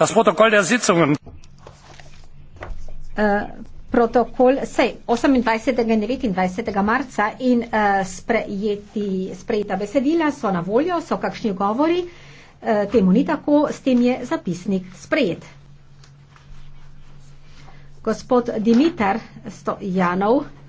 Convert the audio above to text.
das protokoll der sitzungen uh. Protokol sej 28. in 29. marca in uh, sprejeti, sprejeta besedila so na voljo, so kakšni govori, uh, temu ni tako, s tem je zapisnik sprejet. Gospod Dimitar Stojanov,